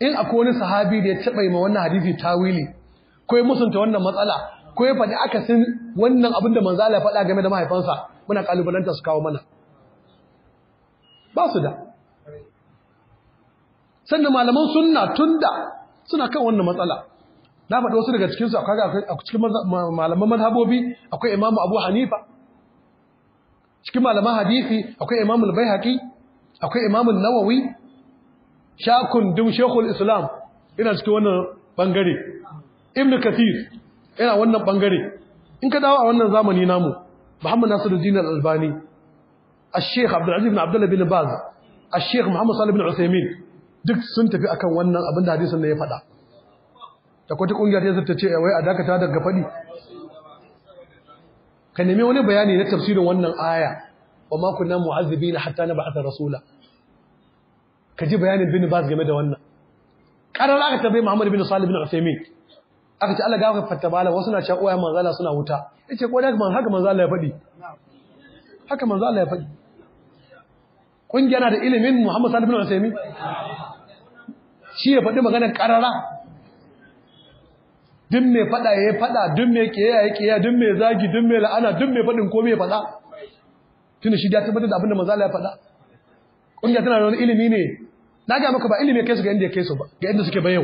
in akwai wani sahabi da ya taɓa yi ma wannan hadisi tawili ko ya musunta wannan matsala ko ya faɗi akasin wannan abin da manzo ya faɗa game da mahaifansa muna kalubalantar su kawo mana ba su da sannan malaman sunna tunda suna kan wannan matsala na faɗi wasu daga cikinsu akwai a cikin malaman manhabobi akwai imamu abu hanifa cikin malaman hadisi akwai imamul baihaqi akwai imamul nawawi shakun dum shekul islam ina cikin wannan bangare ibnu kathir ina wannan bangare in ka dawo a wannan zamani namu muhammad nasiruddin al-albani al-sheikh abdul bin abdullah bin baz al-sheikh muhammad salih bin usaymin duk sun tafi akan wannan abin da hadisin ne ya faɗa da kwata kungiyar ta ce wai a dakata daga faɗi ka nemi wani bayani na tafsirin wannan aya wa ma kunna mu'azzibina hatta na nab'atha rasula ka ji bayanin bin bas game da wannan karar aka tambayi Muhammad bin Salih bin Uthaymeen aka ce Allah gafa fatta bala wasu na cewa uwaye manzala suna wuta yace ko da haka manzala ya faɗi haka manzala ya faɗi kungiya na da ilimin Muhammad Salih bin Uthaymeen shi ya faɗi maganar karara duk mai fada ya yi fada duk mai kiyaya ya kiyaya duk mai zagi duk mai la'ana duk mai fadin ko mai fada tuni shi ya tabbatar da abin da manzo Allah ya fada ƙungiya tana da wani ilimi ne na ga maka ba ilimi kai su ga inda kai su ba ga inda suke ba yau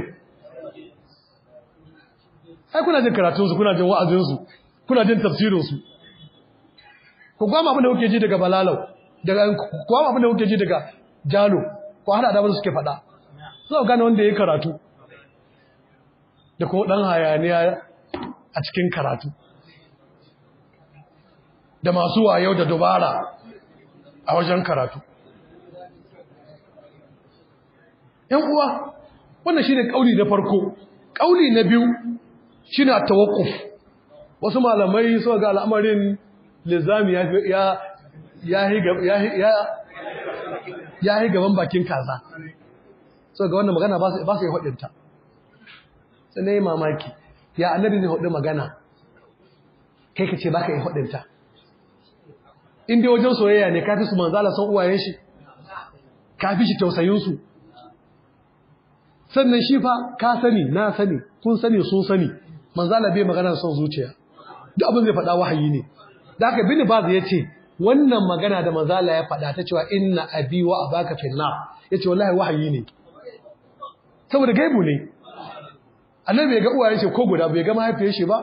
ai kuna jin karatun su kuna jin wa'azin su kuna jin tafsirin su ku gwama abin da kuke ji daga balalau daga ku gwama abin da kuke ji daga jalo ku hada da wanda suke fada za ku gane wanda ya karatu da ko ɗan hayaniya a cikin karatu da masu wayo da dubara a wajen karatu ‘yan uwa wannan shi ne ƙauli na farko ƙauli na biyu shi na tawakuf wasu malamai suka ga al'amarin lizami ya yi gaban bakin kaza so ga wannan magana ba su yi faɗinta sai na yi mamaki ya annabi zai hudu magana kai ka ce baka yi hudunta in dai wajen soyayya ne kafi su manzala san uwayen shi kafi shi tausayinsu sannan shi fa ka sani na sani kun sani sun sani manzala bai magana son zuciya duk abin zai faɗa wahayi ne da aka bini Ba zai ce wannan magana da manzala ya faɗa ta cewa inna abi wa abaka fil ya ce wallahi wahayi ne saboda gaibu ne annabi bai ga uwaye shi ko guda bai ga mahaifiyar shi ba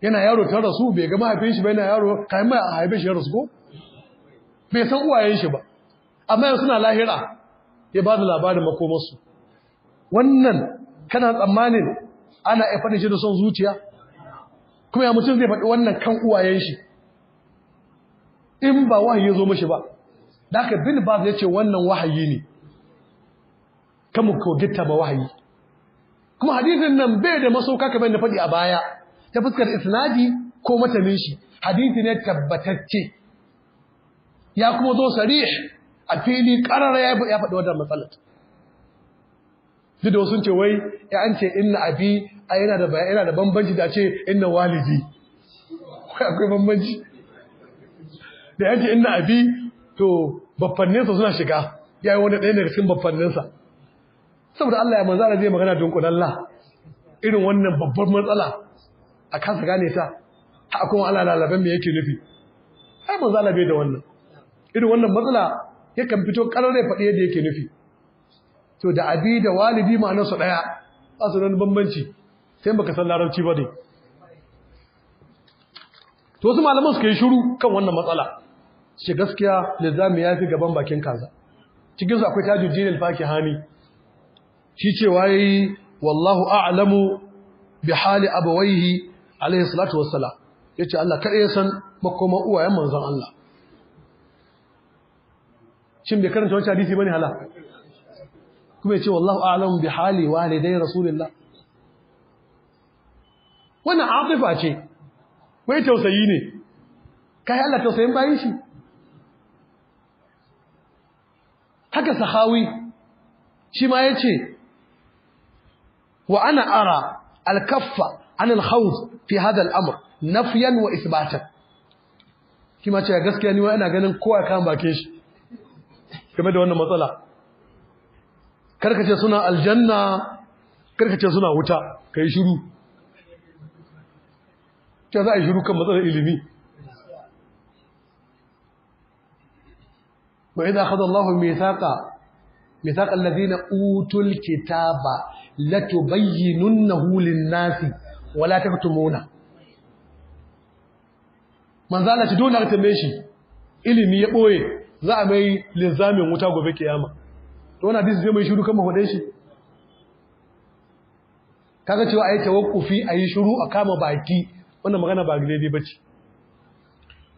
yana yaro ta rasu bai ga mahaifiyar shi ba yana yaro kai mai a haife shi ya rasu ko bai san uwayen shi ba amma yanzu suna lahira ya ba da labarin makomarsu wannan kana tsammanin ana ya faɗin shi da son zuciya kuma ya mutum zai faɗi wannan kan uwayen shi in ba wahayi ya zo mashi ba da aka bin ba zai ce wannan wahayi ne kan mu kogita ba wahayi kuma hadisin nan bai da masauka kamar da faɗi a baya ta fuskar isnadi ko matanin shi hadisi ne tabbatacce ya kuma zo sarih a fili karara ya faɗi wannan matsalar duk da ce wai ya eh, an ce inna abi a yana da bayan yana da bambanci da ce inna walidi akwai bambanci da ya ce inna abi to baffanninsa suna shiga ya yi wani ɗaya daga cikin baffanninsa saboda Allah ya manzara zai magana don Allah irin wannan babbar matsala a kansa gane ta a kuma Allah lalaban me yake nufi ai manzana bai da wannan irin wannan matsala ya kan fito karare faɗi yadda yake nufi to da abi da walidi ma'anar su daya ba su nan bambanci sai baka san larabci ba ne to wasu malaman su yi shiru kan wannan matsala shi gaskiya lizami ya fi gaban bakin kaza Cikinsu su akwai tajujjin al-fakihani shi ce waye wallahu a'lamu bi hali abawaihi alayhi salatu wassalam yace Allah kada ya san makoma uwayen manzon Allah shin bai karanta wancan hadisi bane hala kuma yace wallahu a'lamu bi hali walidai rasulillah wannan atifa ce wai tausayi ne kai Allah tausayin bayin shi haka sahawi shi ma yace وأنا أرى الكف عن الخوض في هذا الأمر نفيا وإثباتا kima ce gaskiya ni wa ina ganin kowa kan bake shi game da wannan matsala karkace suna aljanna karkace suna wuta kai shiru ce za a yi shiru kan matsalar ilimi wa idza akhadha Allahu mithaqa mithaqal ladina utul kitaba latubayyinunnahu lin-nasi wala taktumuna manzo Allah ci dole ka shi ilimi ya boye za a mai linzamin wuta gobe kiyama to wannan hadisi zai mai shiru kan mafaɗe shi kaga cewa ayi tawakkufi ayi shiru a kama baki wannan magana ba daidai bace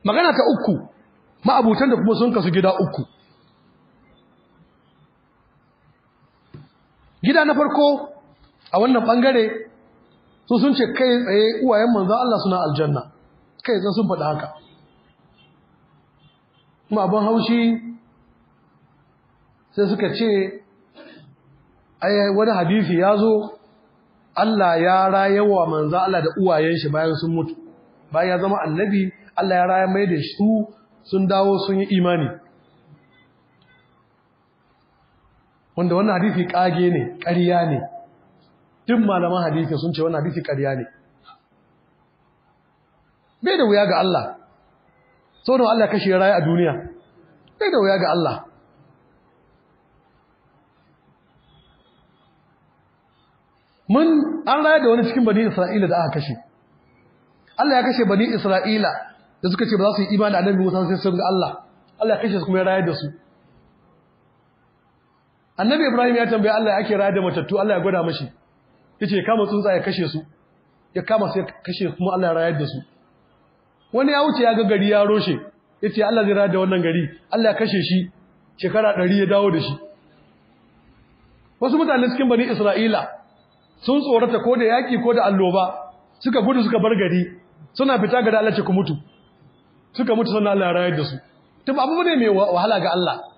magana ta uku abutan da kuma sun kasu gida uku gida na farko a wannan bangare su sun ce kai tsaye uwayen manzan Allah suna aljanna kai tsaye sun faɗi haka kuma abin haushi sai suka ce ai wani hadisi ya zo Allah ya rayawa manzan Allah da uwayen shi bayan sun mutu bayan ya zama annabi Allah ya raya mai da su sun dawo sun yi imani wanda wannan hadisi kage ne ƙarya ne duk malaman hadisi sun ce wannan hadisi ƙarya ne bai da wuya ga Allah sau da Allah kashe rayu a duniya bai da wuya ga Allah mun an rayu da wani cikin bani isra'ila da aka kashe Allah ya kashe bani isra'ila da suka ce ba za su yi imani da annabi Musa sai sun ga Allah Allah ya kashe su kuma ya rayu da su annabi ibrahim ya tambaye Allah ya ake rada matattu Allah ya gwada mashi yace kama tsuntsa ya kashe su ya kama sai kashe kuma Allah ya rayar da su wani ya wuce ya ga gari ya roshe yace Allah zai rada wannan gari Allah ya kashe shi shekara ɗari ya dawo da shi wasu mutane cikin bani isra'ila sun tsorata ko da yaki ko da alloba suka gudu suka bar gari suna fita ga Allah ce ku mutu suka mutu sannan Allah ya rayar da su tun abu ne mai wahala ga Allah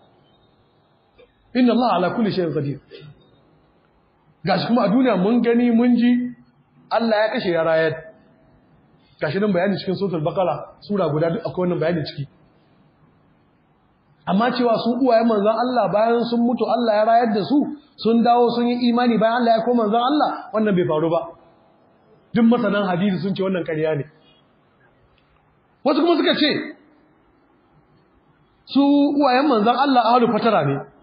inna Allah ala kulli shay'in qadir gashi kuma a duniya mun gani mun ji Allah ya kashe ya gashi nan bayani cikin suratul baqara sura guda duk akwai wannan bayani ciki amma cewa su uwaye manzon Allah bayan sun mutu Allah ya rayar da su sun dawo sun yi imani bayan Allah ya koma manzon Allah wannan bai faru ba duk masanan hadisi sun ce wannan ƙarya ne wasu kuma suka ce su uwayen manzon Allah a ahlu fatara ne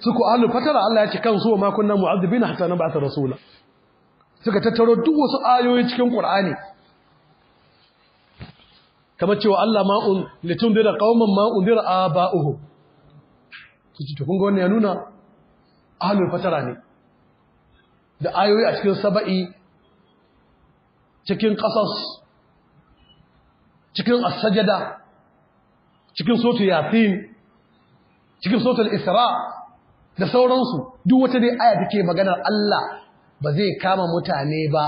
suku ku fatara Allah ya ce kan su ma kunna mu'azzibina hatta nab'atha rasula suka tattaro duk wasu ayoyi cikin Qur'ani kamar cewa Allah ma un litundira qauman ma undira aba'uhum kici to kun ga wannan ya nuna ahlul fatara ne da ayoyi a cikin saba'i cikin qasas cikin as-sajada cikin suratul yasin cikin suratul isra' da sauransu duk wata dai aya take maganar Allah ba zai kama mutane ba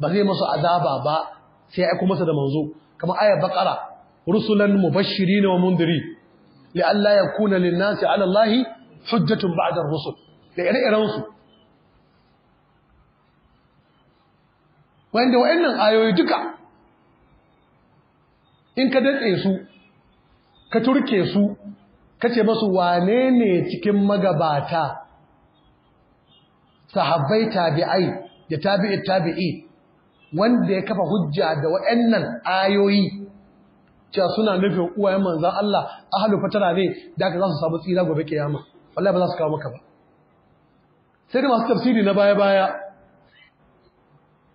ba zai masu azaba ba sai ya aiko masa da manzo kamar aya bakara rusulan mubashirin wa mundiri alla yakuna lin-nasi 'ala Allahi hujjatun ba'da ar-rusul da ire-iren su wanda wa'annan ayoyi duka in ka dace su ka turke su kace masu wane ne cikin magabata sahabbai tabi'ai da tabi'i tabi'i wanda ya kafa hujja da waɗannan ayoyi cewa suna nufin uwayen manzan Allah ahalu fatara ne da aka za su samu tsira gobe kiyama wallahi ba za su kawo maka ba sai da masu tafsiri na baya-baya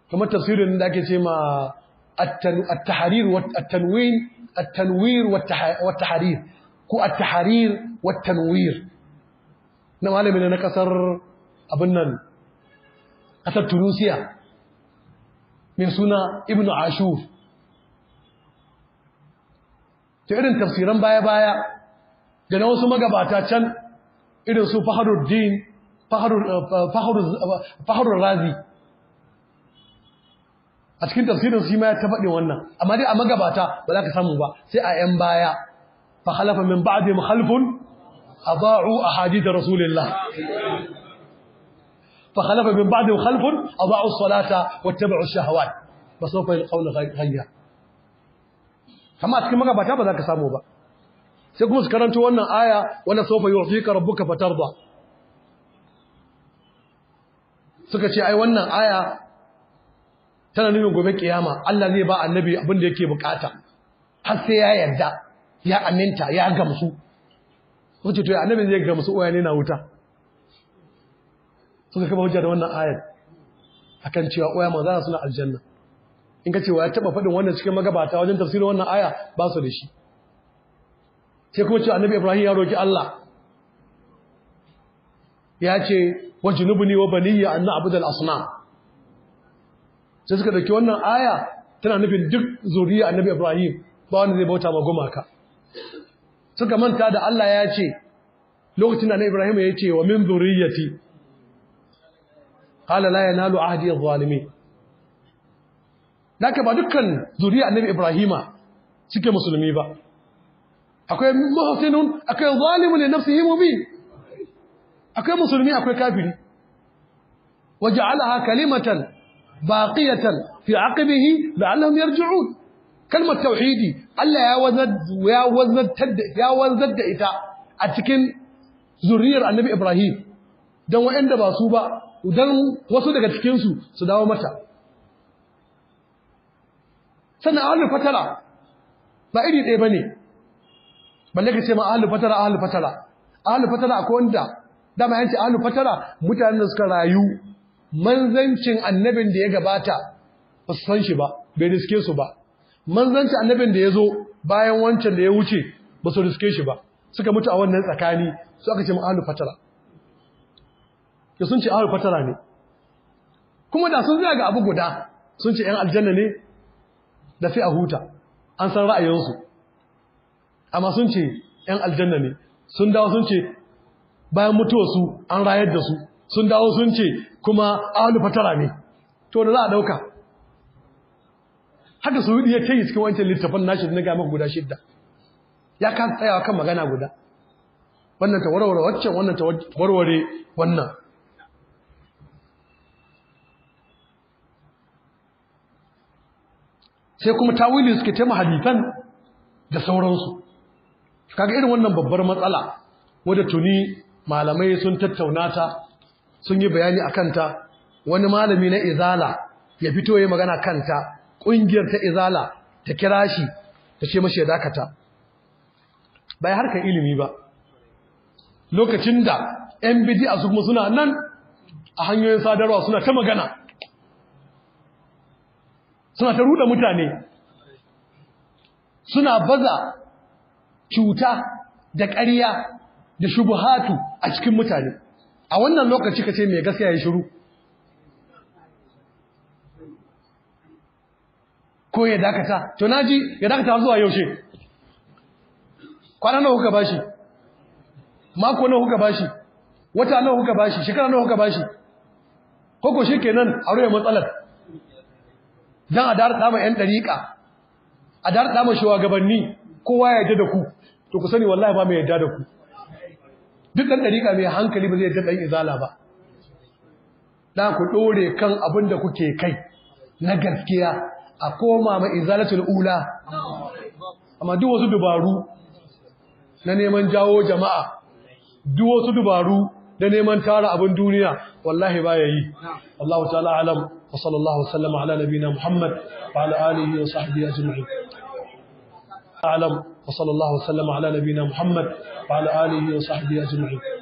kamar tafsirin da ake ce ma at-tahrir wa at-tanwin at-tanwir wa at-tahrir ko at-tahrir wa tanwir na malami ne na kasar abin nan kasar Tunisia mai suna Ibn Ashur ta irin tafsiran baya-baya da na wasu magabata can irin su Faharuddin eh, eh, eh, Razi a cikin tafsirin su ma ya ta faɗi wannan amma dai a magabata ba za ka samu ba sai a 'yan baya fa khalafa min ba'dihim khalfun أضاعوا أحاديث رسول الله فخلف من بعدهم خلف أضاعوا الصلاة واتبعوا الشهوات فسوف يلقون غيا كما أتكلم مكة بتابة ذاك ساموبا سيكون سكرنت وانا آية ولا سوف يعطيك ربك فترضى suka ce ai wannan aya tana nuna gobe kiyama Allah zai ba annabi abin da yake bukata har sai ya yarda ya aminta ya gamsu wace to ya annabin zai gamsu oya ne na wuta suka kaba hujja da wannan ayat akan cewa oya maza suna aljanna in ka ce wa ya taba faɗin wannan cikin magabata wajen tafsirin wannan aya ba su da shi sai kuma cewa annabi ibrahim ya roki allah ya ce wajnubni wa baniya an na'budu al asna sai suka dauki wannan aya tana nufin duk zuriya annabi ibrahim ba wanda zai bauta ma gumaka suka manta da Allah ya ce lokacin da Ibrahim ya ce wa min zurriyyati qala la yanalu ahdi adh-dhalimin Daka ba dukkan zuriya Annabi Ibrahima suke musulmi ba akwai muhsinun akwai zalimun li nafsihi mubin akwai musulmi akwai kafiri waja'alaha kalimatan baqiyatan fi aqibihi la'allahum yarji'un kalmar tauhidi Allah ya wanzar da ita a cikin zuriyar annabi Ibrahim don waɗanda ba su ba don wasu daga cikinsu su dawo mata sannan ahalin fatara ba iri ɗaya ba ne balle ka ce ma ahalin fatara ahalin fatara ahalin fatara akwai wanda dama yanci ahalin fatara mutanen da suka rayu manzancin annabin da ya gabata ba su san shi ba bai riske su ba manzanci annabin da ya zo bayan wancan da ya wuce ba su riske shi ba suka mutu a wannan tsakani su aka ce ma'alu fatara ya sun ce alu fatara ne kuma da sun zai ga abu guda sun ce 'yan aljanna ne da fi a huta an san ra'ayinsu amma sun ce 'yan aljanna ne sun dawo sun ce bayan mutuwarsu an rayar da su sun dawo sun ce kuma alu fatara ne to da za a ɗauka haka su ya ta yi cikin wancan littafin nashi na gama guda shidda ya kan tsayawa kan magana guda wannan ta warware waccan wannan ta warware wannan sai kuma tawilin suke taimaka hadithan da sauransu kaga irin wannan babbar matsala wadda tuni malamai sun tattauna ta sun yi bayani a kanta wani malami na izala ya fito ya magana kanta ƙungiyar ta izala ta kira shi ta ce mashi ya dakata bai harkar ilimi ba lokacin da yan bidi'a su kuma suna nan a hanyoyin sadarwa suna ta magana suna ta ruɗe mutane suna baza cuta da ƙarya da shubuhatu a cikin mutane a wannan lokaci ka ce mai gaskiya ya shiru ko ya dakata to naji ya dakata zuwa yaushe kwana nawa kuka bashi mako nawa kuka bashi wata nawa kuka bashi shekara nawa kuka bashi koko shikenan aure matsalar dan a dar dama yan dariqa a dar dama gabanni kowa ya yadda da ku to ku sani wallahi ba mai yadda da ku duk dan dariqa mai hankali ba zai yadda dan izala ba dan ku dore kan abin da kuke kai na gaskiya a koma ma izalatul ula amma duk wasu dubaru na neman jawo jama'a duk wasu dubaru da neman tara abin duniya wallahi baya yi Allah ta'ala alam wa sallallahu sallama ala nabina Muhammad wa ala alihi wa sahbihi ajma'in alam wa sallallahu sallama ala nabina Muhammad wa ala alihi wa sahbihi ajma'in